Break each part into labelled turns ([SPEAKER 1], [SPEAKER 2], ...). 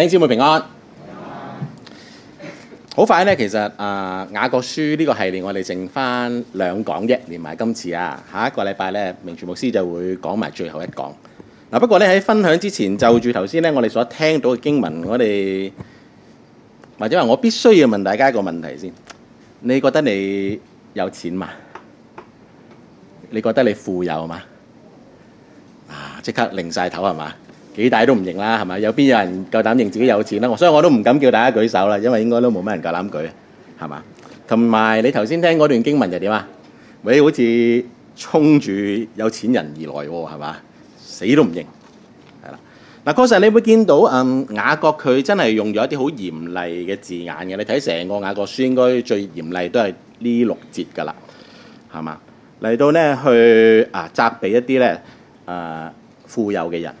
[SPEAKER 1] 兄姊妹平安，好快呢，其實啊，雅各書呢個系列我哋剩翻兩講啫，連埋今次啊，下一個禮拜呢，明全牧師就會講埋最後一講。嗱，不過呢，喺分享之前，就住頭先呢，我哋所聽到嘅經文，我哋或者話我必須要問大家一個問題先：你覺得你有錢嘛？你覺得你富有嘛？啊！即刻擰晒頭係嘛？幾大都唔認啦，係嘛？有邊有人夠膽認自己有錢啦？所以我都唔敢叫大家舉手啦，因為應該都冇咩人夠膽舉，係嘛？同埋你頭先聽嗰段經文就點啊？喂，好似衝住有錢人而來喎，係嘛？死都唔認係啦。嗱，確實你會見到誒，雅各佢真係用咗一啲好嚴厲嘅字眼嘅。你睇成個雅各書應該最嚴厲都係呢六節㗎啦，係嘛？嚟到呢，去啊責備一啲呢誒富有嘅人。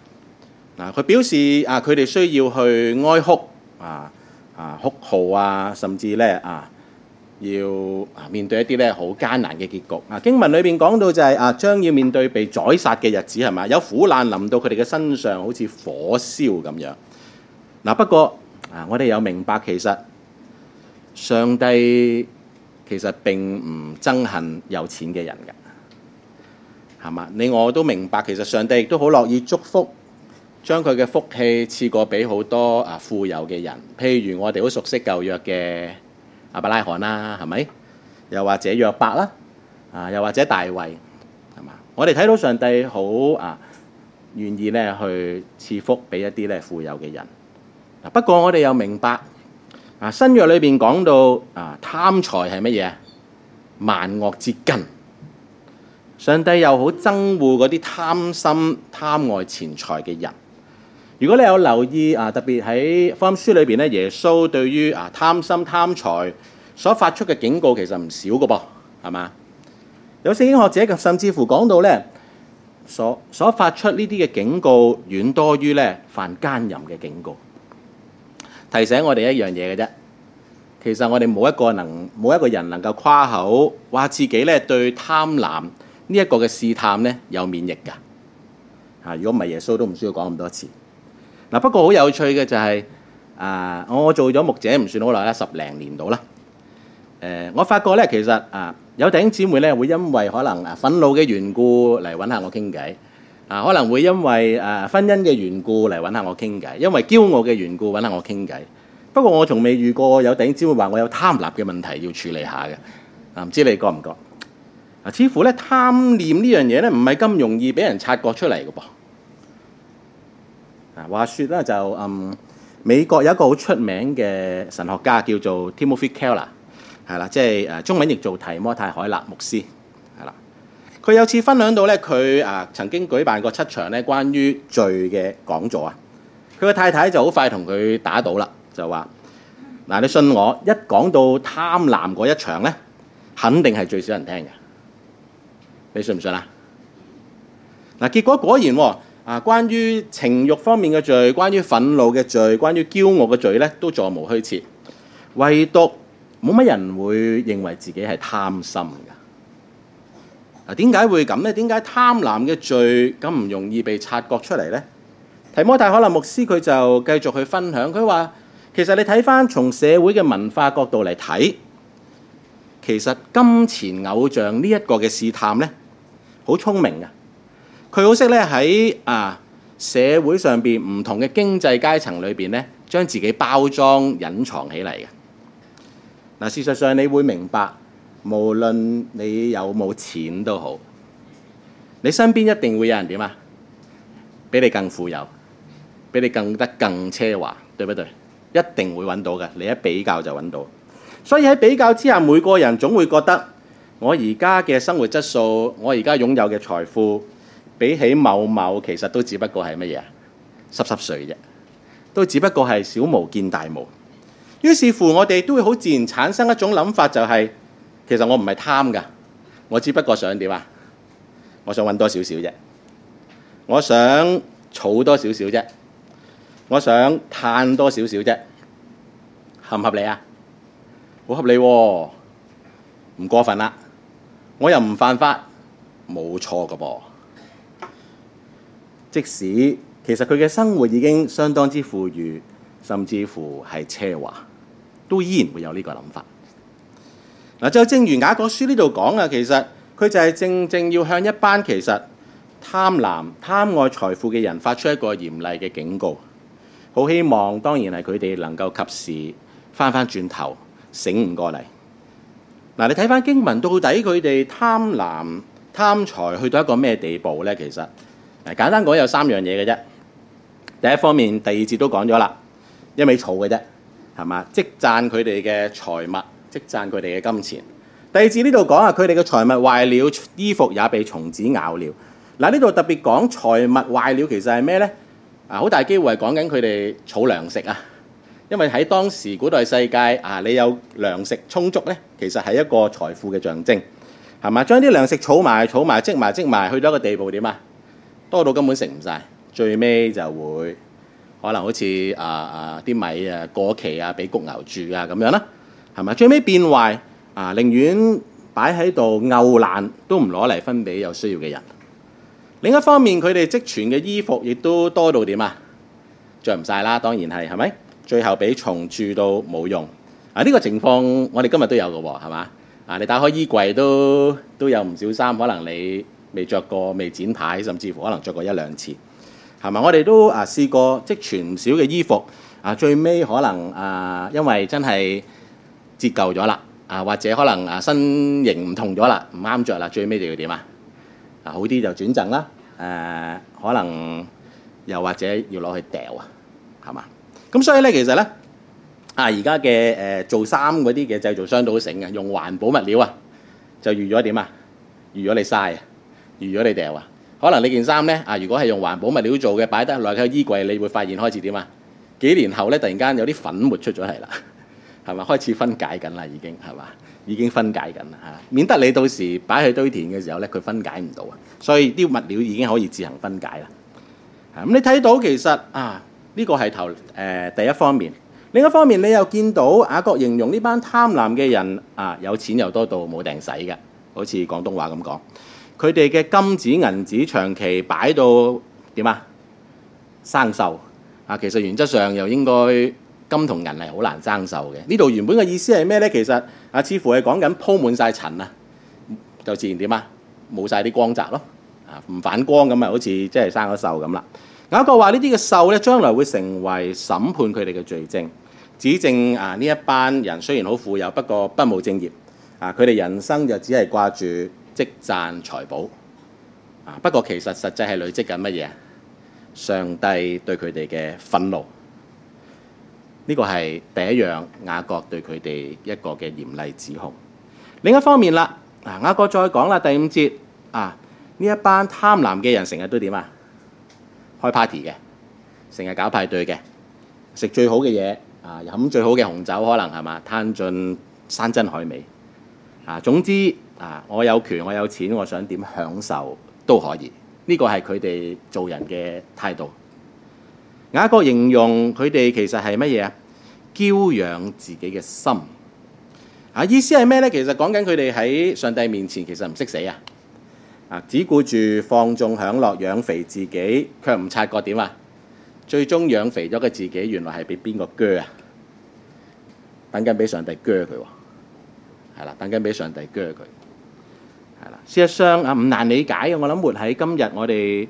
[SPEAKER 1] 嗱，佢表示啊，佢哋需要去哀哭啊啊，哭號啊，甚至呢啊，要啊面對一啲呢好艱難嘅結局。啊，經文裏面講到就係啊，將要面對被宰殺嘅日子，係嘛，有苦難臨到佢哋嘅身上，好似火燒咁樣。嗱，不過啊，我哋有明白其實上帝其實並唔憎恨有錢嘅人嘅係嘛？你我都明白，其實上帝亦都好樂意祝福。將佢嘅福氣賜過畀好多啊富有嘅人，譬如我哋好熟悉舊約嘅亞伯拉罕啦，係咪？又或者約伯啦，啊，又或者大衛，係嘛？我哋睇到上帝好啊願意咧去賜福俾一啲咧富有嘅人。不過我哋又明白啊新約裏邊講到啊貪財係乜嘢？萬惡之根。上帝又好憎惡嗰啲貪心貪愛錢財嘅人。如果你有留意啊，特別喺福音書裏邊咧，耶穌對於啊貪心貪財所發出嘅警告其實唔少嘅噃，係嘛？有聖經學者甚至乎講到咧，所所發出呢啲嘅警告遠多於咧犯奸淫嘅警告，提醒我哋一樣嘢嘅啫。其實我哋冇一個能冇一個人能夠誇口話自己咧對貪婪呢一個嘅試探咧有免疫㗎嚇。如果唔係，耶穌都唔需要講咁多次。嗱，不過好有趣嘅就係、是，啊、呃，我做咗牧者唔算好耐啦，十零年到啦。誒、呃，我發覺咧，其實啊、呃，弟兄姊妹咧會因為可能啊憤怒嘅緣故嚟搵下我傾偈，啊、呃，可能會因為誒、呃、婚姻嘅緣故嚟搵下我傾偈，因為驕傲嘅緣故搵下我傾偈。不過我從未遇過弟兄姊妹話我有貪婪嘅問題要處理下嘅。啊、呃，唔知你覺唔覺、呃？似乎咧貪念這件事呢樣嘢咧，唔係咁容易俾人察覺出嚟嘅噃。話説咧就嗯美國有一個好出名嘅神學家叫做 Timothy Keller 係啦，即係誒中文譯做提摩太海納牧師係啦。佢有次分享到咧，佢啊曾經舉辦過七場咧關於罪嘅講座啊。佢嘅太太就好快同佢打賭啦，就話嗱，你信我，一講到貪婪嗰一場咧，肯定係最少人聽嘅。你信唔信啊？嗱，結果果然喎。啊，關於情慾方面嘅罪，關於憤怒嘅罪，關於驕傲嘅罪呢，都座無虛設。唯獨冇乜人會認為自己係貪心㗎。嗱、啊，點解會咁呢？點解貪婪嘅罪咁唔容易被察覺出嚟呢？提摩太凱勒牧師佢就繼續去分享，佢話其實你睇返從社會嘅文化角度嚟睇，其實金錢偶像呢一個嘅試探呢，好聰明㗎。佢好識咧，喺啊社會上邊唔同嘅經濟階層裏邊咧，將自己包裝隱藏起嚟嘅嗱。事實上，你會明白，無論你有冇錢都好，你身邊一定會有人點啊，比你更富有，比你更得更奢華，對不對？一定會揾到嘅。你一比較就揾到，所以喺比較之下，每個人總會覺得我而家嘅生活質素，我而家擁有嘅財富，比起某某，其實都只不過係乜嘢，濕濕碎啫，都只不過係小巫見大巫。於是乎，我哋都會好自然產生一種諗法，就係，就係其實我唔係貪噶，我只不過想點啊？我想揾多少少啫，我想儲多少少啫，我想嘆多少少啫，合唔合理啊？好合理喎，啊，唔過分啦，我又唔犯法，冇錯噶噃。即使其實佢嘅生活已經相當之富裕，甚至乎係奢華，都依然會有呢個諗法。嗱，就正如雅各書呢度講啊，其實佢就係正正要向一班其實貪婪、貪愛財富嘅人發出一個嚴厲嘅警告。好希望當然係佢哋能夠及時翻返轉頭，醒悟過嚟。嗱，你睇翻經文，到底佢哋貪婪貪財去到一個咩地步呢？其實。簡單講，有三樣嘢嘅啫。第一方面，第二節都講咗啦，一味儲嘅啫，係嘛？積攢佢哋嘅財物，積攢佢哋嘅金錢。第二節呢度講啊，佢哋嘅財物壞了，衣服也被蟲子咬了。嗱，呢度特別講財物壞了，其實係咩呢？啊，好大機會係講緊佢哋儲糧食啊，因為喺當時古代世界啊，你有糧食充足呢，其實係一個財富嘅象徵，係嘛？將啲糧食儲埋儲埋積埋積埋，去到一個地步點啊？多到根本食唔曬，最尾就會可能好似啊啊啲米啊過期啊，俾谷牛住啊咁樣啦，係咪？最尾變壞啊，寧願擺喺度嘔爛都唔攞嚟分俾有需要嘅人。另一方面，佢哋積存嘅衣服亦都多到點啊，著唔曬啦，當然係，係咪？最後俾蟲蛀到冇用啊！呢個情況我哋今日都有嘅喎，係嘛？啊，你打開衣櫃都都有唔少衫，可能你，未着過，未剪牌，甚至乎可能着過一兩次，係咪？我哋都啊試過，即係存唔少嘅衣服啊。最尾可能啊，因為真係折舊咗啦啊，或者可能啊身形唔同咗啦，唔啱着啦。最尾就要點啊？好啊好啲就轉贈啦，誒可能又或者要攞去掉啊，係嘛？咁所以咧，其實咧啊，而家嘅誒做衫嗰啲嘅製造商都好醒嘅，用環保物料啊，就預咗點啊？預咗你嘥啊！如果你掉啊，可能你件衫呢，啊，如果係用環保物料做嘅，擺得落去個衣櫃，你會發現開始點啊？幾年後呢，突然間有啲粉末出咗嚟啦，係咪開始分解緊啦，已經係嘛？已經分解緊啦嚇，免得你到時擺去堆填嘅時候呢，佢分解唔到啊。所以啲物料已經可以自行分解啦。咁你睇到其實啊，呢個係頭誒、呃、第一方面，另一方面你又見到雅各形容呢班貪婪嘅人啊，有錢又多到冇定使嘅，好似廣東話咁講。佢哋嘅金子銀子長期擺到點啊？生鏽啊！其實原則上又應該金同銀係好難生鏽嘅。呢度原本嘅意思係咩咧？其實啊，似乎係講緊鋪滿晒塵啊，就自然點啊，冇晒啲光澤咯，啊唔反光咁啊，好似即係生咗鏽咁啦。雅各話呢啲嘅鏽咧，將來會成為審判佢哋嘅罪證，指證啊呢一班人雖然好富有，不過不務正業啊，佢哋人生就只係掛住。積攢財寶，不過其實實際係累積緊乜嘢？上帝對佢哋嘅憤怒。呢、這個係第一樣雅各對佢哋一個嘅嚴厲指控。另一方面啦，雅各再講啦，第五節啊，呢一班貪婪嘅人成日都點啊？開 party 嘅，成日搞派對嘅，食最好嘅嘢啊，飲最好嘅紅酒，可能係嘛，貪盡山珍海味啊。總之啊！我有權，我有錢，我想點享受都可以。呢、這個係佢哋做人嘅態度。雅各形容佢哋其實係乜嘢啊？嬌養自己嘅心。啊，意思係咩呢？其實講緊佢哋喺上帝面前，其實唔識死啊！只顧住放縱享樂，養肥自己，卻唔察覺點啊？最終養肥咗嘅自己，原來係俾邊個鋸啊？等緊俾上帝鋸佢喎。係啦，等緊俾上帝鋸佢。係啦，事實上啊，唔難理解嘅。我諗活喺今日，我哋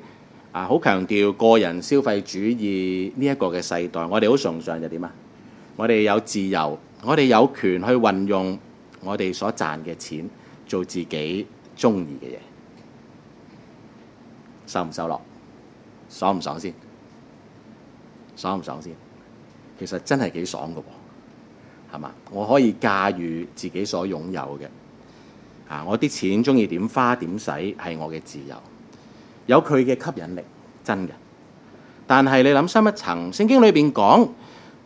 [SPEAKER 1] 啊好強調個人消費主義呢一個嘅世代，我哋好崇尚就點啊？我哋有自由，我哋有權去運用我哋所賺嘅錢做自己中意嘅嘢，收唔收落？爽唔爽先？爽唔爽先？其實真係幾爽嘅喎，係嘛？我可以駕馭自己所擁有嘅。啊！我啲錢鍾意點花點使係我嘅自由，有佢嘅吸引力，真嘅。但係你諗深一層，聖經裏邊講，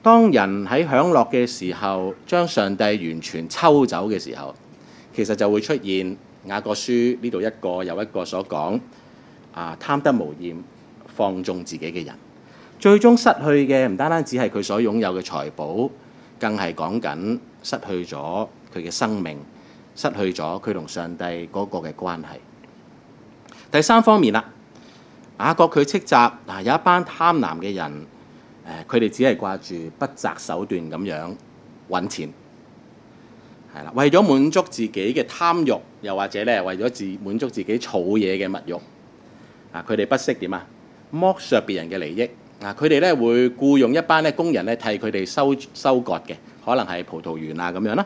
[SPEAKER 1] 當人喺享樂嘅時候，將上帝完全抽走嘅時候，其實就會出現雅各書呢度一個又一個所講啊，貪得無厭放縱自己嘅人，最終失去嘅唔單單只係佢所擁有嘅財寶，更係講緊失去咗佢嘅生命。失去咗佢同上帝嗰個嘅關係。第三方面啦，雅各佢斥責嗱有一班貪婪嘅人，佢哋只係掛住不擇手段咁樣揾錢，係啦，為咗滿足自己嘅貪欲，又或者咧為咗自滿足自己儲嘢嘅物欲，啊佢哋不惜點啊剝削別人嘅利益，啊佢哋咧會僱用一班咧工人咧替佢哋收收割嘅，可能係葡萄園啊咁樣啦。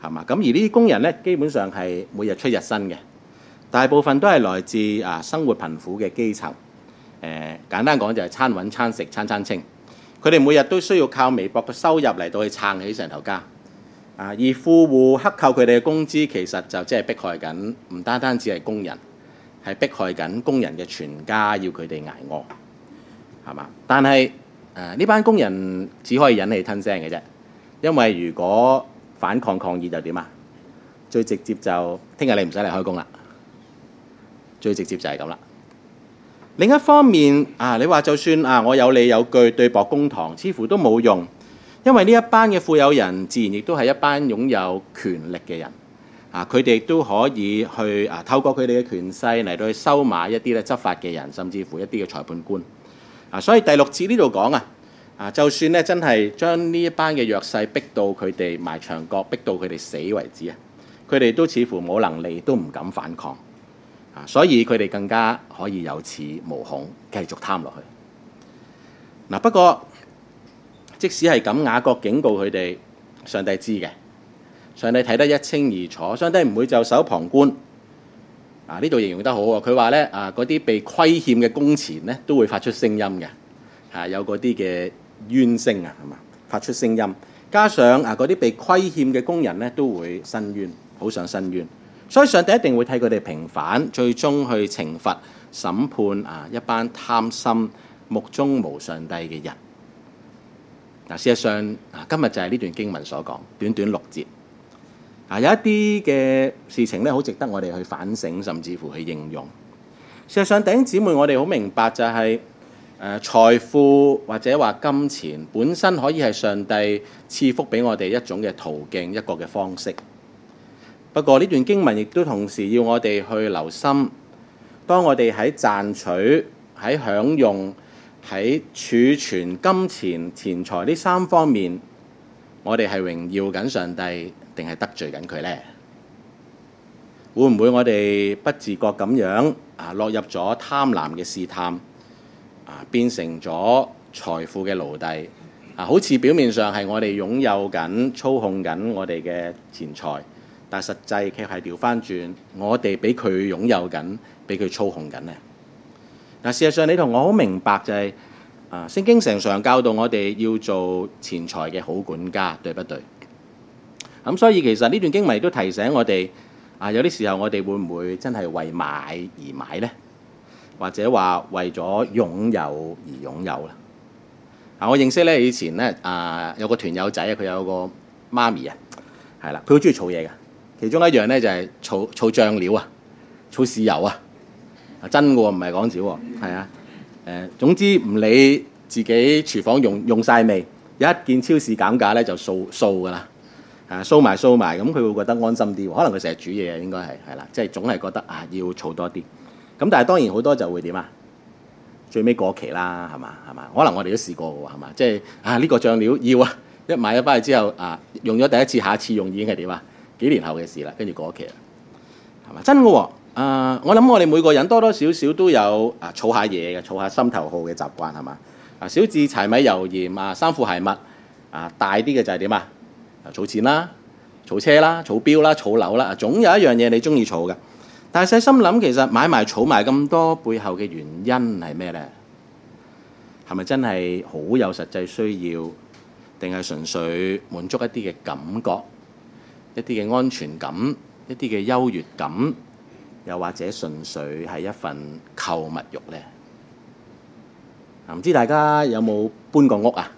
[SPEAKER 1] 係嘛，咁而呢啲工人呢，基本上係每日出日薪嘅，大部分都係來自啊生活貧苦嘅基層。誒、呃、簡單講就係餐搵餐食，餐餐清。佢哋每日都需要靠微薄嘅收入嚟到去撐起成頭家，啊、而富戶克扣佢哋嘅工資，其實就即係迫害緊，唔單單只係工人，係迫害緊工人嘅全家要佢哋挨餓係嘛。但係呢班工人只可以忍氣吞聲嘅啫，因為如果反抗抗議就點啊？最直接就聽日你唔使嚟開工啦。最直接就係咁啦。另一方面啊，你話就算啊，我有理有據對簿公堂，似乎都冇用，因為呢一班嘅富有人，自然亦都係一班擁有權力嘅人啊。佢哋都可以去啊，透過佢哋嘅權勢嚟到去收買一啲咧執法嘅人，甚至乎一啲嘅裁判官啊。所以第六節呢度講啊。啊！就算咧，真係將呢一班嘅弱勢逼到佢哋埋牆角，逼到佢哋死為止啊！佢哋都似乎冇能力，都唔敢反抗啊！所以佢哋更加可以有恃無恐，繼續貪落去。嗱、啊，不過即使係咁，雅各警告佢哋，上帝知嘅，上帝睇得一清二楚，上帝唔會袖手旁觀。啊！呢度形容得好喎，佢話咧啊，嗰啲被虧欠嘅工錢咧，都會發出聲音嘅，係、啊、有嗰啲嘅。怨聲啊，係嘛？發出聲音，加上啊嗰啲被虧欠嘅工人呢，都會申冤，好想申冤。所以上帝一定會替佢哋平反，最終去懲罰、審判啊一班貪心、目中無上帝嘅人。啊，事實上啊，今日就係呢段經文所講，短短六節啊，有一啲嘅事情呢，好值得我哋去反省，甚至乎去應用。事實上，弟兄姊妹，我哋好明白就係、是。誒，財富或者話金錢本身，可以係上帝賜福畀我哋一種嘅途徑、一個嘅方式。不過呢段經文亦都同時要我哋去留心，當我哋喺賺取、喺享用、喺儲存金錢錢財呢三方面，我哋係榮耀緊上帝，定係得罪緊佢呢？會唔會我哋不自覺咁樣啊落入咗貪婪嘅試探？啊，變成咗財富嘅奴隸啊，好似表面上係我哋擁有緊、操控緊我哋嘅錢財，但係實際卻係調翻轉，我哋俾佢擁有緊，俾佢操控緊呢，嗱，事實上你同我好明白就係啊，聖經常常教導我哋要做錢財嘅好管家，對不對？咁所以其實呢段經文都提醒我哋啊，有啲時候我哋會唔會真係為買而買呢？或者話為咗擁有而擁有啦。啊，我認識咧以前咧啊、呃、有個團友仔啊，佢有個媽咪啊，係啦，佢好中意儲嘢嘅。其中一樣咧就係儲儲醬料啊、儲豉油啊，真喎，唔係講笑喎。係啊，誒、啊呃、總之唔理自己廚房用用曬未，一見超市減價咧就掃掃㗎啦，啊掃埋掃埋，咁佢會覺得安心啲。可能佢成日煮嘢，應該係係啦，即係總係覺得啊要儲多啲。咁但係當然好多就會點啊？最尾過期啦，係嘛係嘛？可能我哋都試過㗎喎，係嘛？即係啊呢個醬料要啊！一買咗返嚟之後啊，用咗第一次，下一次用已經係點啊？幾年後嘅事啦，跟住過期啦，係嘛？真嘅喎！啊，我諗我哋每個人多多少少都有啊儲下嘢嘅，儲下，儲下心頭好嘅習慣係嘛？啊，小至柴米油鹽啊，衫褲鞋襪啊，大啲嘅就係點啊？啊，儲錢啦，儲車啦，儲錶啦，儲樓啦，啦，啦，總有一樣嘢你中意儲嘅。但係細心諗，其實買埋、儲埋咁多背後嘅原因係咩咧？係咪真係好有實際需要，定係純粹滿足一啲嘅感覺、一啲嘅安全感、一啲嘅優越感，又或者純粹係一份購物慾咧？啊，唔知大家有冇搬過屋啊？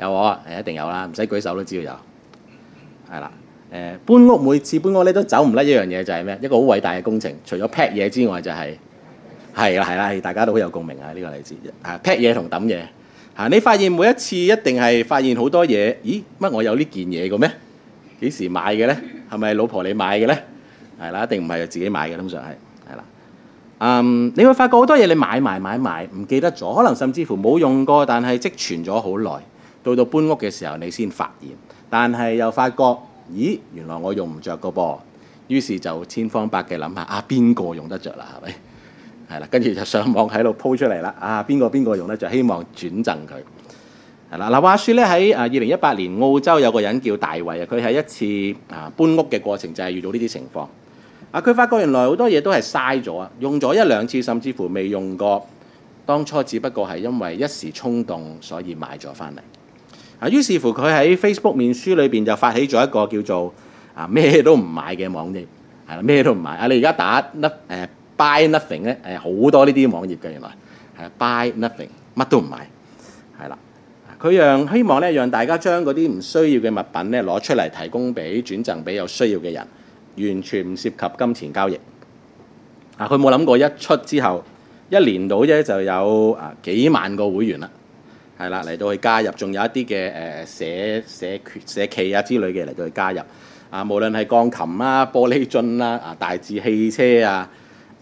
[SPEAKER 1] 有啊，一定有啦，唔使舉手都知道有，係啦。誒，搬屋每次搬屋咧都走唔甩一樣嘢，就係咩，一個好偉大嘅工程。除咗劈嘢之外，就係，就係係啦係啦，大家都好有共鳴啊！呢、呢個例子啊 pack 嘢同抌嘢嚇。你發現每一次一定係發現好多嘢，咦乜我有件呢件嘢嘅咩？幾時買嘅咧？係咪老婆你買嘅咧？係啦，一定唔係自己買嘅，通常係係啦。嗯，你會發覺好多嘢你買埋買埋唔記得咗，可能甚至乎冇用過，但係積存咗好耐，到到搬屋嘅時候你先發現，但係又發覺。咦，原來我用唔着個噃，於是就千方百計諗下啊，邊個用得着啦？係咪？係啦，跟住就上網喺度鋪出嚟啦。啊，邊個邊個用得着？希望轉贈佢。係啦，嗱話説咧，喺啊二零一八年澳洲有個人叫大衛啊，佢喺一次啊搬屋嘅過程就係遇到呢啲情況。啊，佢發覺原來好多嘢都係嘥咗啊，用咗一兩次甚至乎未用過，當初只不過係因為一時衝動所以買咗返嚟。啊！於是乎佢喺 Facebook 面書裏邊就發起咗一個叫做啊咩都唔買嘅網頁，係啦咩都唔買。啊！你而家打 n o 誒 buy nothing 咧，誒好多呢啲網頁嘅原來係 buy nothing 乜都唔買，係啦。佢讓希望咧，讓大家將嗰啲唔需要嘅物品咧攞出嚟提供俾轉贈俾有需要嘅人，完全唔涉及金錢交易。啊！佢冇諗過一出之後，一年到啫就有啊幾萬個會員啦。係啦，嚟到去加入，仲有一啲嘅誒社社社企啊之類嘅嚟到去加入。啊，無論係鋼琴啦、啊、玻璃樽啦、啊、啊大至汽車啊，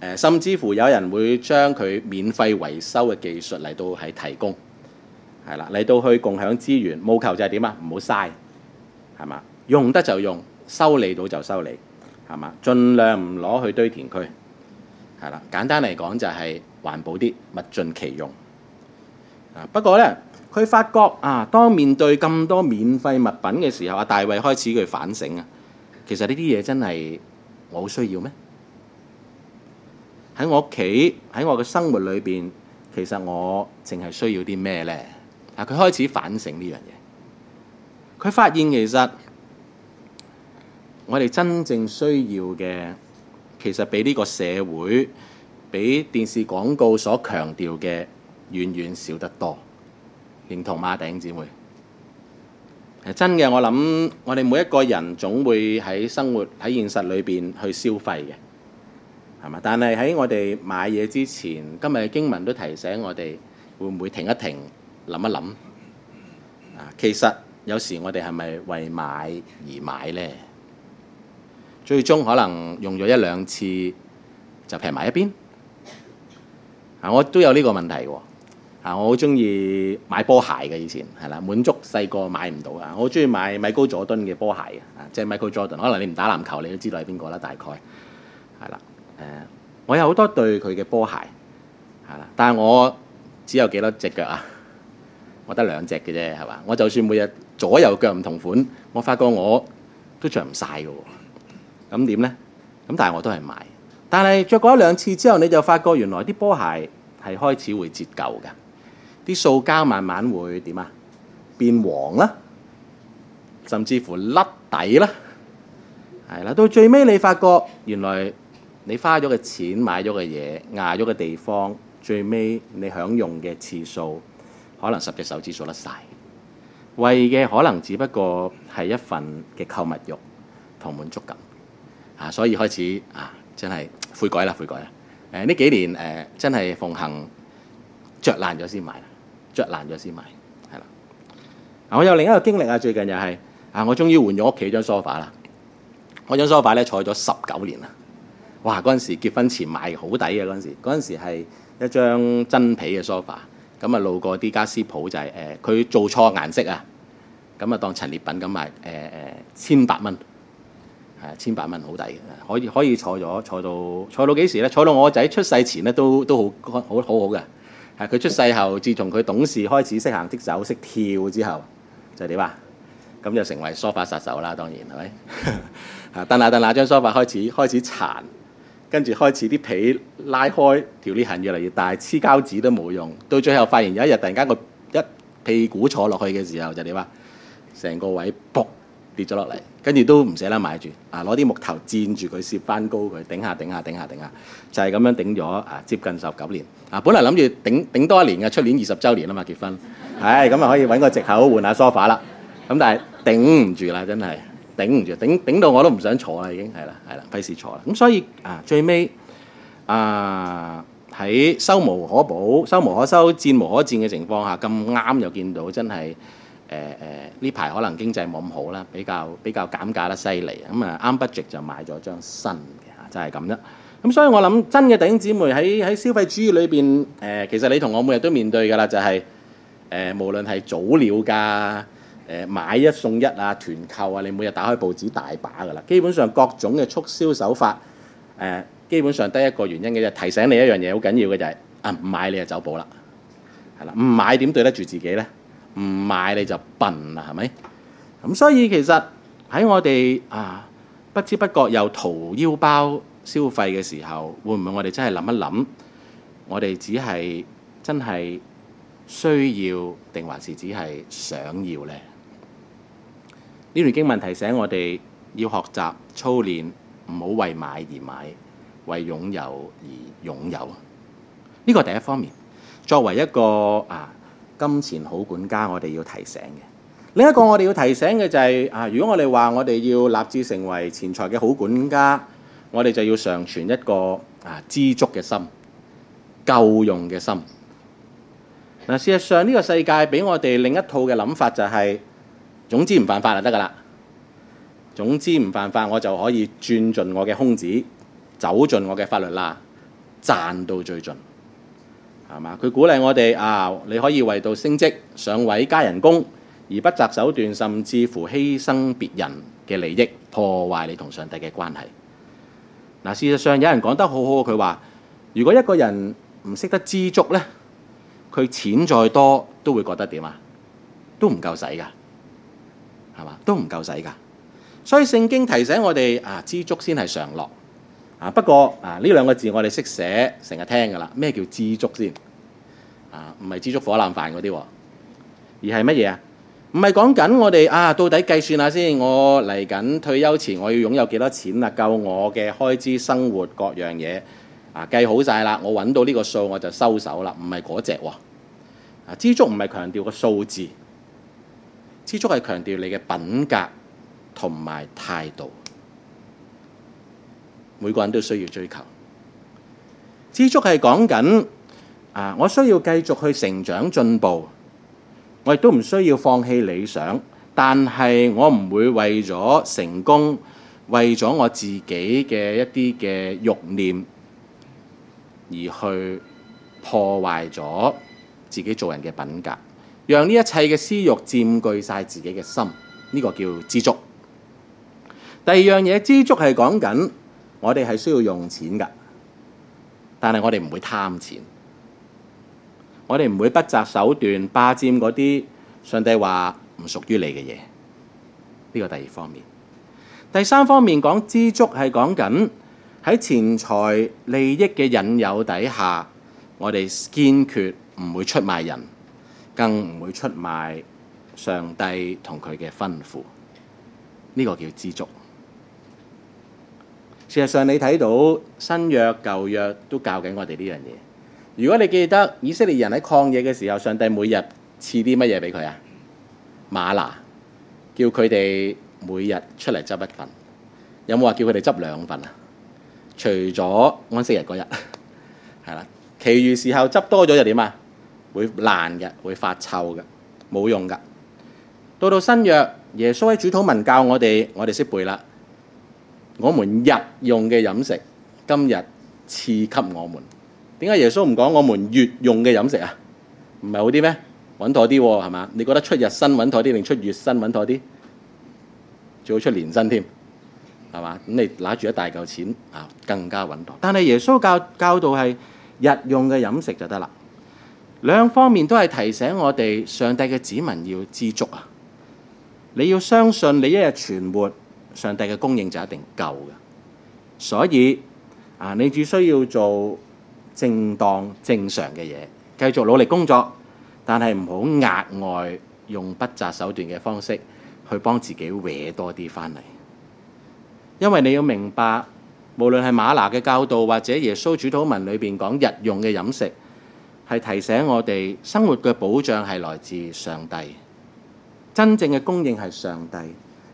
[SPEAKER 1] 誒、啊、甚至乎有人會將佢免費維修嘅技術嚟到係提供。係啦，嚟到去共享資源，務求就係點啊？唔好嘥，係嘛？用得就用，修理到就修理，係嘛？盡量唔攞去堆填區。係啦，簡單嚟講就係環保啲，物盡其用。不過呢，佢發覺啊，當面對咁多免費物品嘅時候，啊，大衛開始佢反省啊。其實呢啲嘢真係我需要咩？喺我屋企，喺我嘅生活裏邊，其實我淨係需要啲咩咧？啊，佢開始反省呢樣嘢。佢發現其實我哋真正需要嘅，其實俾呢個社會、俾電視廣告所強調嘅。遠遠少得多，認同馬頂姊妹係真嘅。我諗我哋每一個人總會喺生活喺現實裏邊去消費嘅，係嘛？但係喺我哋買嘢之前，今日嘅經文都提醒我哋會唔會停一停，諗一諗啊？其實有時我哋係咪為買而買呢？最終可能用咗一兩次就擺埋一邊啊！我都有呢個問題喎。啊！我好中意買波鞋嘅，以前係啦，滿足細個買唔到買啊。我好中意買米高佐敦嘅波鞋啊，即係 Michael Jordan。可能你唔打籃球，你都知道係邊個啦，大概係啦。誒、啊，我有好多對佢嘅波鞋係啦，但係我只有幾多隻腳啊？我得兩隻嘅啫，係嘛？我就算每日左右腳唔同款，我發覺我都着唔曬嘅。咁點呢？咁但係我都係買，但係着過一兩次之後，你就發覺原來啲波鞋係開始會折舊嘅。啲塑膠慢慢會點啊？變黃啦，甚至乎甩底啦，係啦。到最尾你發覺原來你花咗嘅錢買咗嘅嘢，壓咗嘅地方，最尾你享用嘅次數，可能十隻手指數得曬。為嘅可能只不過係一份嘅購物慾同滿足感啊！所以開始啊，真係悔改啦，悔改啦。誒，呢幾年誒，真係奉行著爛咗先買啦。著爛咗先賣，係啦。嗱，我有另一個經歷啊，最近又係啊，我終於換咗屋企張梳化 f 啦。我張梳化 f 呢坐咗十九年啦。哇，嗰陣時結婚前買好抵嘅嗰陣時，嗰陣係一張真皮嘅梳化。咁啊，路過啲家私鋪仔，係、呃、佢做錯顏色啊。咁啊，當陳列品咁賣，誒誒千百蚊，係千百蚊好抵嘅，可以可以坐咗坐到坐到幾時咧？坐到我仔出世前咧都都好好好，好好好嘅。佢出世後，自從佢懂事開始識行識走識跳之後，就點係啊？咁就成為梳化殺手啦，當然係咪？啊，等 下等下，張梳化開始開始殘，跟住開始啲皮拉開，條裂痕越嚟越大，黐膠紙都冇用，到最後發現有一日突然間佢一屁股坐落去嘅時候，就點係啊？成個位仆跌咗落嚟。跟住都唔捨得買住啊，攞啲木頭墊住佢，攝翻高佢，頂下頂下頂下頂下，就係、是、咁樣頂咗啊，接近十九年啊，本嚟諗住頂頂多一年嘅，出年二十週年啊嘛，結婚，唉、 哎，咁啊，可以揾個藉口換下梳化 f a 啦。咁、啊、但係頂唔住啦，真係頂唔住，頂頂到我都唔想坐啦，已經係啦，係啦，費事坐啦。咁所以啊，最尾啊，喺收無可補、收無可收戰、墊無可墊嘅情況下，咁啱又見到真係。誒誒，呢排、呃、可能經濟冇咁好啦，比較比較減價得犀利，咁啊啱 budget 就買咗張新嘅，就係咁啫。咁所以我諗真嘅弟兄姊妹喺喺消費主義裏邊，誒、呃、其實你同我每日都面對㗎啦，就係、是、誒、呃、無論係早鳥價、誒、呃、買一送一啊、團購啊，你每日打開報紙大把㗎啦，基本上各種嘅促銷手法，呃、基本上得一個原因嘅就提醒你一樣嘢好緊要嘅就係、是、啊唔買你就走寶啦，係啦，唔買點對得住自己呢？唔買你就笨啦，係咪？咁所以其實喺我哋啊不知不覺又掏腰包消費嘅時候，會唔會我哋真係諗一諗？我哋只係真係需要，定還是只係想要呢？呢段經文提醒我哋要學習操練，唔好為買而買，為擁有而擁有。呢個第一方面，作為一個啊金錢好管家，我哋要提醒嘅。另一個我哋要提醒嘅就係、是、啊，如果我哋話我哋要立志成為錢財嘅好管家，我哋就要常存一個啊知足嘅心、夠用嘅心。嗱、啊，事實上呢個世界俾我哋另一套嘅諗法就係、是，總之唔犯法就得噶啦。總之唔犯法，我就可以鑽盡我嘅空子，走盡我嘅法律啦，賺到最盡。係嘛？佢鼓勵我哋啊，你可以為到升職、上位、加人工，而不擇手段，甚至乎犧牲別人嘅利益，破壞你同上帝嘅關係。嗱、啊，事實上有人講得好好，佢話：如果一個人唔識得知足呢，佢錢再多都會覺得點啊？都唔夠使㗎，係嘛？都唔夠使㗎。所以聖經提醒我哋啊，知足先係常樂。啊，啊，不過啊，呢兩個字我哋識寫，成日聽㗎啦。咩叫知足先？啊，唔係知足火腩飯嗰啲，而係乜嘢啊？唔係講緊我哋啊，到底計算下先，我嚟緊退休前我要擁有幾多錢啊，夠我嘅開支生活各樣嘢啊，計好晒啦，我揾到呢個數我就收手啦，唔係嗰隻喎。啊，知足唔係強調個數字，知足係強調你嘅品格同埋態度。每個人都需要追求知足，係講緊啊！我需要繼續去成長進步，我亦都唔需要放棄理想，但係我唔會為咗成功、為咗我自己嘅一啲嘅慾念而去破壞咗自己做人嘅品格，讓呢一切嘅私欲佔據晒自己嘅心，呢、呢個叫知足。第二樣嘢，知足係講緊。我哋係需要用錢噶，但係我哋唔會貪錢，我哋唔會不擇手段霸佔嗰啲上帝話唔屬於你嘅嘢。呢個第二方面，第三方面講知足係講緊喺錢財利益嘅引誘底下，我哋堅決唔會出賣人，更唔會出賣上帝同佢嘅吩咐。呢個叫知足。事實上你，你睇到新約舊約都教緊我哋呢樣嘢。如果你記得以色列人喺曠野嘅時候，上帝每日賜啲乜嘢俾佢啊？嗎哪，叫佢哋每日出嚟執一份，有冇話叫佢哋執兩份啊？除咗安息日嗰日，係啦，其餘時候執多咗又點啊？會爛嘅，會發臭嘅，冇用噶。到到新約，耶穌喺主禱文教我哋，我哋識背啦。我們日用嘅飲食，今日賜給我們。點解耶穌唔講我們月用嘅飲食啊？唔係好啲咩？穩妥啲係嘛？你覺得出日薪穩妥啲，定出月薪穩妥啲？最好出年薪添，係嘛？咁你揦住一大嚿錢啊，更加穩妥。但係耶穌教教導係日用嘅飲食就得啦。兩方面都係提醒我哋上帝嘅子民要知足啊！你要相信你一日存活，上帝嘅供應就一定夠嘅，所以啊，你只需要做正當正常嘅嘢，繼續努力工作，但係唔好額外用不擇手段嘅方式去幫自己搲多啲返嚟。因為你要明白，無論係馬拿嘅教導或者耶穌主禱文裏邊講日用嘅飲食，係提醒我哋生活嘅保障係來自上帝，真正嘅供應係上帝。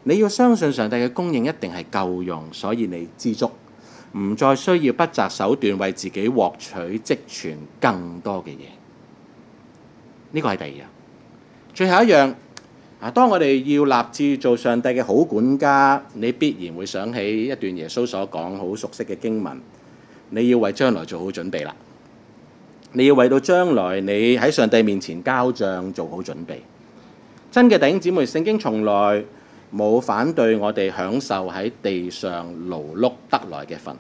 [SPEAKER 1] 你要相信上帝嘅供應一定係夠用，所以你知足，唔再需要不擇手段為自己獲取積存更多嘅嘢。呢個係第二樣，最後一樣啊。當我哋要立志做上帝嘅好管家，你必然會想起一段耶穌所講好熟悉嘅經文。你要為將來做好準備啦，你要為到將來你喺上帝面前交賬做好準備。真嘅弟兄姊妹，聖經從來。冇反對我哋享受喺地上勞碌得來嘅份，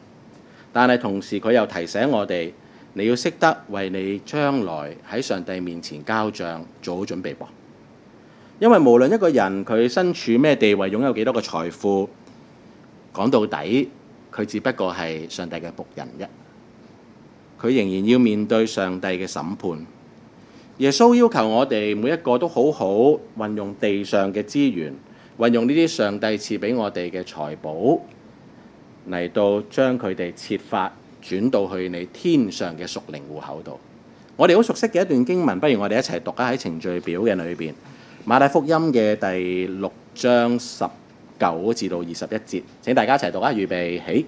[SPEAKER 1] 但係同時佢又提醒我哋，你要識得為你將來喺上帝面前交賬做好準備噃。因為無論一個人佢身處咩地位，擁有幾多個財富，講到底佢只不過係上帝嘅僕人啫，佢仍然要面對上帝嘅審判。耶穌要求我哋每一個都好好運用地上嘅資源。運用呢啲上帝賜畀我哋嘅財寶，嚟到將佢哋設法轉到去你天上嘅屬靈戶口度。我哋好熟悉嘅一段經文，不如我哋一齊讀啊！喺程序表嘅裏邊，《馬太福音》嘅第六章十九至到二十一節。請大家一齊讀啊！預備起。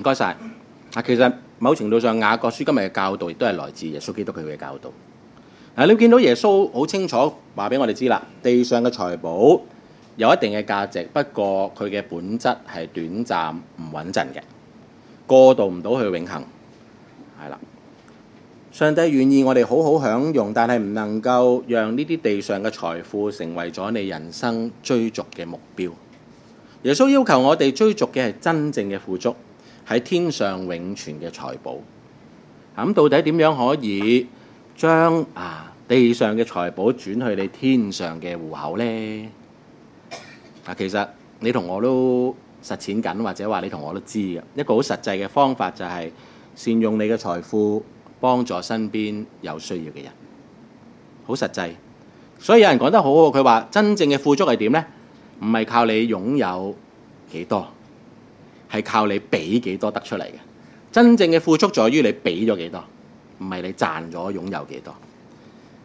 [SPEAKER 1] 唔該晒啊！其實某程度上，雅各書今日嘅教導亦都係來自耶穌基督佢嘅教導。嗱，你見到耶穌好清楚話俾我哋知啦，地上嘅財寶有一定嘅價值，不過佢嘅本質係短暫、唔穩陣嘅，過渡唔到去永恆係啦。上帝願意我哋好好享用，但係唔能夠讓呢啲地上嘅財富成為咗你人生追逐嘅目標。耶穌要求我哋追逐嘅係真正嘅富足。喺天上永存嘅財寶，咁到底點樣可以將啊地上嘅財寶轉去你天上嘅戶口呢？啊，其實你同我都實踐緊，或者話你同我都知嘅一個好實際嘅方法，就係善用你嘅財富幫助身邊有需要嘅人，好實際。所以有人講得好，佢話真正嘅富足係點呢？唔係靠你擁有幾多。係靠你俾幾多得出嚟嘅？真正嘅富足，在於你俾咗幾多，唔係你賺咗擁有幾多。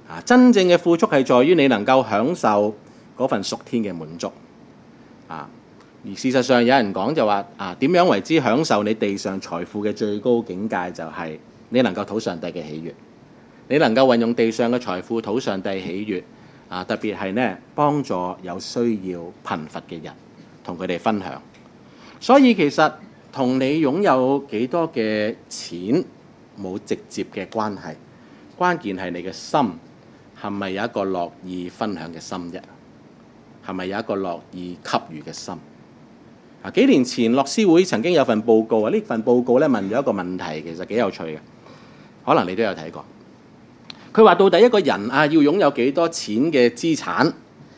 [SPEAKER 1] 啊，真正嘅富足，係在於你能夠享受嗰份屬天嘅滿足。而事實上有人講就話啊，點樣為之享受你地上財富嘅最高境界就係你能夠討上帝嘅喜悅，你能夠運用地上嘅財富討上帝的喜悅。啊，特別係呢，幫助有需要貧乏嘅人，同佢哋分享。所以其實同你擁有幾多嘅錢冇直接嘅關係，關鍵係你嘅心係咪有一個樂意分享嘅心啫？係咪有一個樂意給予嘅心？啊，幾年前樂施會曾經有份報告啊，呢份報告咧問咗一個問題，其實幾有趣嘅，可能你都有睇過。佢話到底一個人啊要擁有幾多錢嘅資產，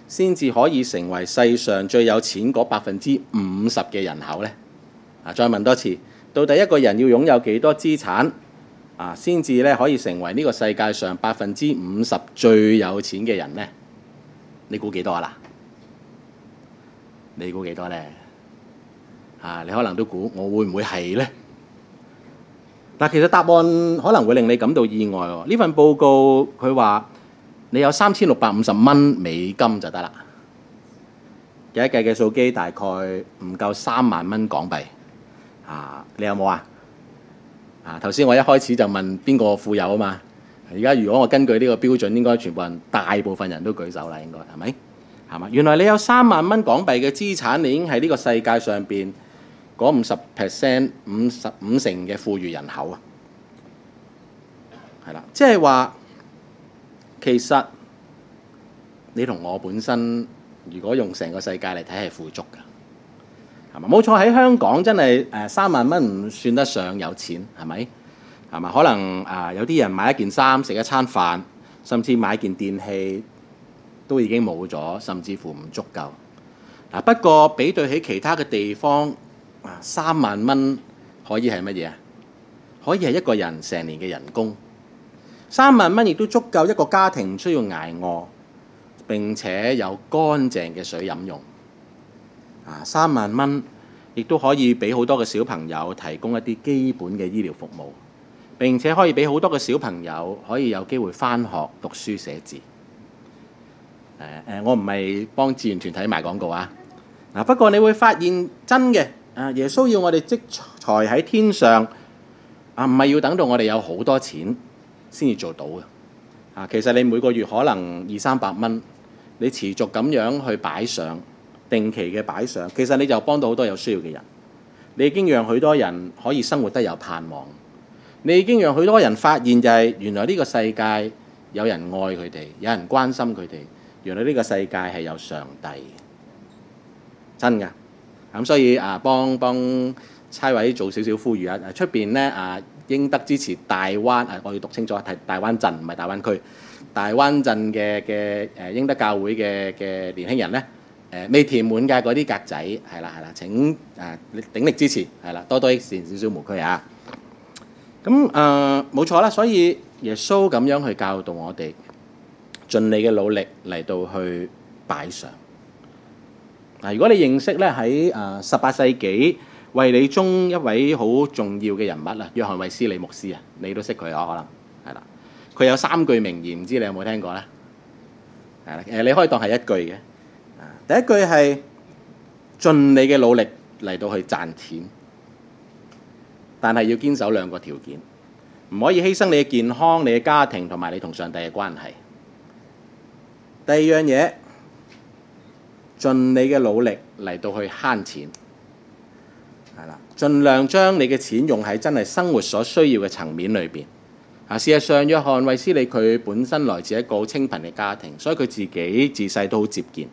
[SPEAKER 1] 先至可以成為世上最有錢嗰百分之五十嘅人口呢？啊，再問多次，到底一個人要擁有幾多資產啊，先至咧可以成為呢個世界上百分之五十最有錢嘅人呢？你估幾多啦？你估幾多呢？啊，你可能都估，我會唔會係呢？嗱，其實答案可能會令你感到意外喎。呢份報告佢話，你有三千六百五十蚊美金就得啦，計一計嘅數機大概唔夠三萬蚊港幣啊！你有冇啊？啊，頭先我一開始就問邊個富有啊嘛，而家如果我根據呢個標準，應該全部人大部分人都舉手啦，應該係咪？係嘛？原來你有三萬蚊港幣嘅資產，你已經喺呢個世界上面嗰五十 percent 五十五成嘅富裕人口啊！係啦，即係話。其實你同我本身，如果用成個世界嚟睇，係富足噶，係嘛？冇錯，喺香港真係呃、三萬蚊唔算得上有錢，係咪？係嘛？可能、啊、有啲人買一件衫、食一餐飯，甚至買件電器，都已經冇咗，甚至乎唔足夠、啊。不過比對起其他嘅地方，啊、三萬蚊可以係乜嘢啊？可以係一個人成年嘅人工。三萬蚊亦都足夠一個家庭唔需要挨餓，並且有乾淨嘅水飲用啊！三萬蚊亦都可以畀好多嘅小朋友提供一啲基本嘅醫療服務，並且可以畀好多嘅小朋友可以有機會返學讀書寫字。誒、呃、誒，我唔係幫志願團體賣廣告啊！嗱，不過你會發現真嘅啊，耶穌要我哋積財喺天上啊，唔係要等到我哋有好多錢。先至做到嘅，啊，其實你每個月可能二三百蚊，你持續咁樣去擺上，定期嘅擺上，其實你就幫到好多有需要嘅人，你已經讓許多人可以生活得有盼望，你已經讓許多人發現就係原來呢個世界有人愛佢哋，有人關心佢哋，原來呢個世界係有上帝的，真㗎，咁所以啊，幫幫差位做少少呼籲啊，出邊呢。啊～英德支持大灣，誒，我要讀清楚啊！係大灣鎮，唔係大灣區。大灣鎮嘅嘅誒英德教會嘅嘅年輕人咧，誒未填滿嘅嗰啲格仔係啦係啦，請誒鼎力支持係啦，多多益善，少少無拘啊！咁誒冇錯啦，所以耶穌咁樣去教導我哋，盡你嘅努力嚟到去擺上。嗱，如果你認識咧喺誒十八世紀。為你中一位好重要嘅人物啊，約翰·惠斯李牧師啊，你都識佢啊，我可能係啦。佢有三句名言，唔知你有冇聽過呢？係啦，誒你可以當係一句嘅。第一句係盡你嘅努力嚟到去賺錢，但係要堅守兩個條件，唔可以犧牲你嘅健康、你嘅家庭同埋你同上帝嘅關係。第二樣嘢，盡你嘅努力嚟到去慳錢。盡量將你嘅錢用喺真係生活所需要嘅層面裏邊。啊，事實上，約翰衛斯理佢本身來自一個清貧嘅家庭，所以佢自己自細都好節儉。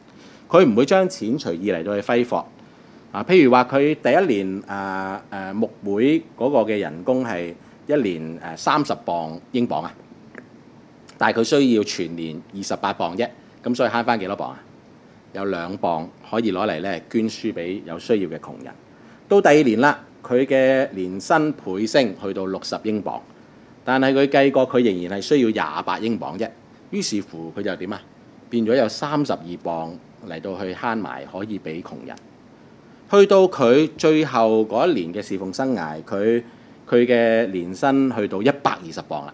[SPEAKER 1] 佢唔會將錢隨意嚟到去揮霍。譬如話佢第一年誒誒、啊啊、牧會嗰個嘅人工係一年誒三十磅英鎊啊，但係佢需要全年二十八磅啫。咁所以慳翻幾多磅啊？有兩磅可以攞嚟咧捐輸俾有需要嘅窮人。到第二年啦，佢嘅年薪倍升去到六十英鎊，但係佢計過佢仍然係需要廿八英鎊啫。於是乎佢就點啊？變咗有三十二鎊嚟到去慳埋，可以畀窮人。去到佢最後嗰一年嘅侍奉生涯，佢佢嘅年薪去到一百二十鎊啦。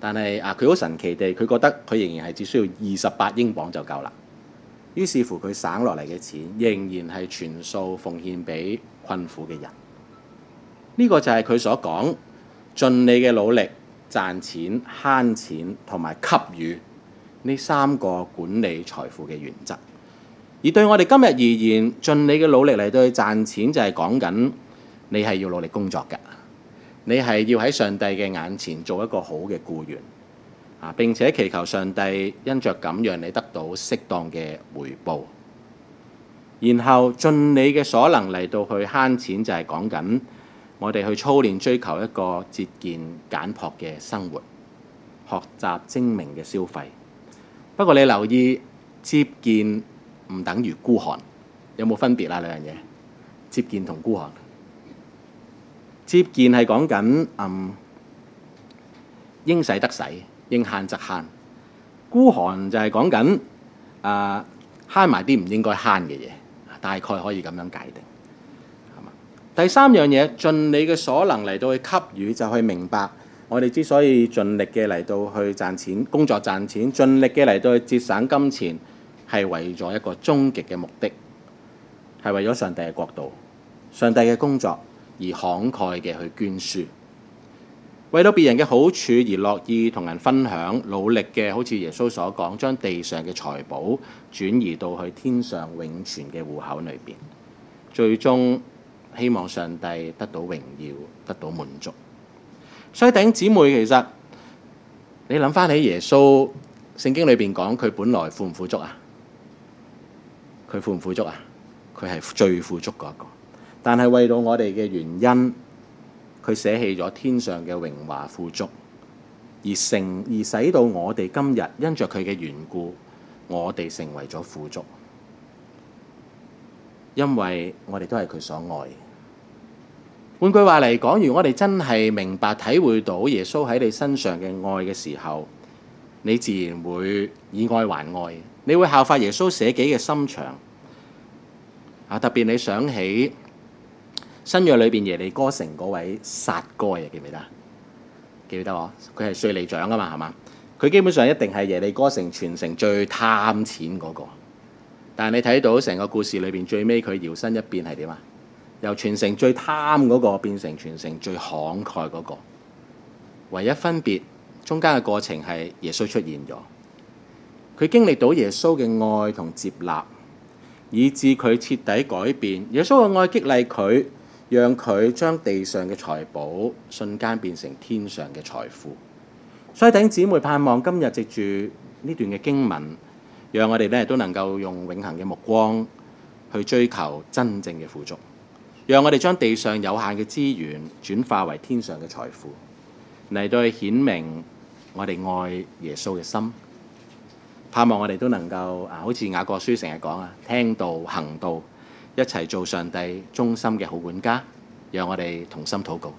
[SPEAKER 1] 但係啊，佢好神奇地，佢覺得佢仍然係只需要二十八英鎊就夠啦。於是乎佢省落嚟嘅錢，仍然係全數奉獻畀辛苦嘅人，呢、這個就係佢所講，盡你嘅努力賺錢慳錢、同埋給予呢三個管理財富嘅原則。而對我哋今日而言，盡你嘅努力嚟到去賺錢就係講緊你係要努力工作㗎，你係要喺上帝嘅眼前做一個好嘅僱員啊，並且祈求上帝因着咁讓你得到適當嘅回報。然後盡你嘅所能嚟到去慳錢，就係講緊我哋去操練追求一個節儉簡樸嘅生活，學習精明嘅消費。不過你留意節儉唔等於孤寒，有冇分別啊兩樣嘢？節儉同孤寒，節儉係講緊嗯應使得使，應慳則慳；孤寒就係講緊啊慳埋啲唔應該慳嘅嘢。大概可以咁樣界定，係嘛？第三樣嘢，盡你嘅所能嚟到去給予，就可以明白我哋之所以盡力嘅嚟到去賺錢、工作賺錢，盡力嘅嚟到去節省金錢，係為咗一個終極嘅目的，係為咗上帝嘅國度、上帝嘅工作而慷慨嘅去捐輸。為到別人嘅好處而樂意同人分享，努力嘅，好似耶穌所講，將地上嘅財寶轉移到去天上永存嘅戶口裏邊，最終希望上帝得到榮耀，得到滿足。所以弟兄姊妹，其實你諗翻起耶穌聖經裏邊講，佢本來富唔富足啊？佢富唔富足啊？佢係最富足嗰一個，但係為到我哋嘅原因。佢捨棄咗天上嘅榮華富足，而成而使到我哋今日因着佢嘅緣故，我哋成為咗富足。因為我哋都係佢所愛嘅。換句話嚟講，如果我哋真係明白體會到耶穌喺你身上嘅愛嘅時候，你自然會以愛還愛，你會效法耶穌捨己嘅心腸。啊，特別你想起。新約裏邊耶利哥城嗰位撒該嘅，記唔記得？記唔記得？佢係稅吏長啊嘛，係嘛？佢基本上一定係耶利哥城全城最貪錢嗰個。但係你睇到成個故事裏邊最尾，佢搖身一變係點啊？由全城最貪嗰個變成全城最慷慨嗰個。唯一分別，中間嘅過程係耶穌出現咗，佢經歷到耶穌嘅愛同接納，以致佢徹底改變。耶穌嘅愛激勵佢。讓佢將地上嘅財寶瞬間變成天上嘅財富，所以弟兄姊妹，盼望今日藉住呢段嘅經文，讓我哋咧都能夠用永恆嘅目光去追求真正嘅富足，讓我哋將地上有限嘅資源轉化為天上嘅財富，嚟到去顯明我哋愛耶穌嘅心，盼望我哋都能夠啊，好似雅各書成日講啊，聽道、行道。一齊做上帝忠心嘅好管家，讓我哋同心禱告。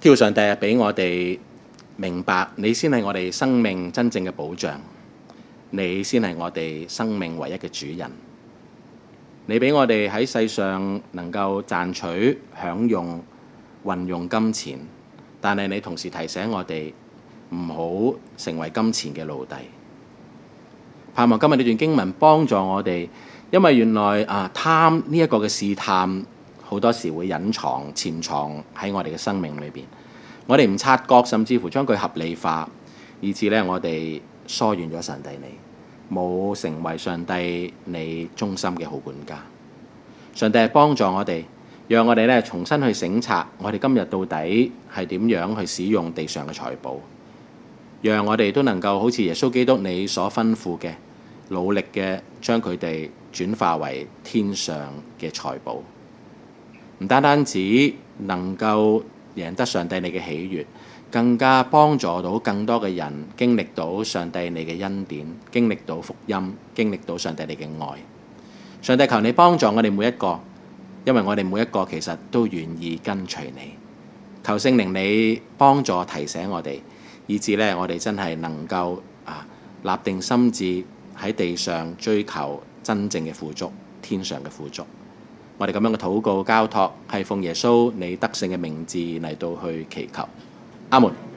[SPEAKER 1] 求上帝畀我哋明白，你先係我哋生命真正嘅保障，你先係我哋生命唯一嘅主人。你畀我哋喺世上能夠賺取、享用、運用金錢，但係你同時提醒我哋唔好成為金錢嘅奴隸。盼望今日呢段經文幫助我哋，因為原來啊貪呢一個嘅試探，好多時會隱藏潛藏喺我哋嘅生命裏邊，我哋唔察覺，甚至乎將佢合理化，以致呢，我哋疏遠咗上帝你，冇成為上帝你忠心嘅好管家。上帝係幫助我哋，讓我哋呢重新去省察，我哋今日到底係點樣去使用地上嘅財寶。讓我哋都能夠好似耶穌基督你所吩咐嘅，努力嘅將佢哋轉化為天上嘅財寶，唔單單止能夠贏得上帝你嘅喜悅，更加幫助到更多嘅人經歷到上帝你嘅恩典，經歷到福音，經歷到上帝你嘅愛。上帝，求你幫助我哋每一個，因為我哋每一個其實都願意跟隨你。求聖靈，你幫助提醒我哋。以至呢，我哋真係能夠啊，立定心志喺地上追求真正嘅富足，天上嘅富足。我哋咁樣嘅禱告交託，係奉耶穌你得勝嘅名字嚟到去祈求。阿門。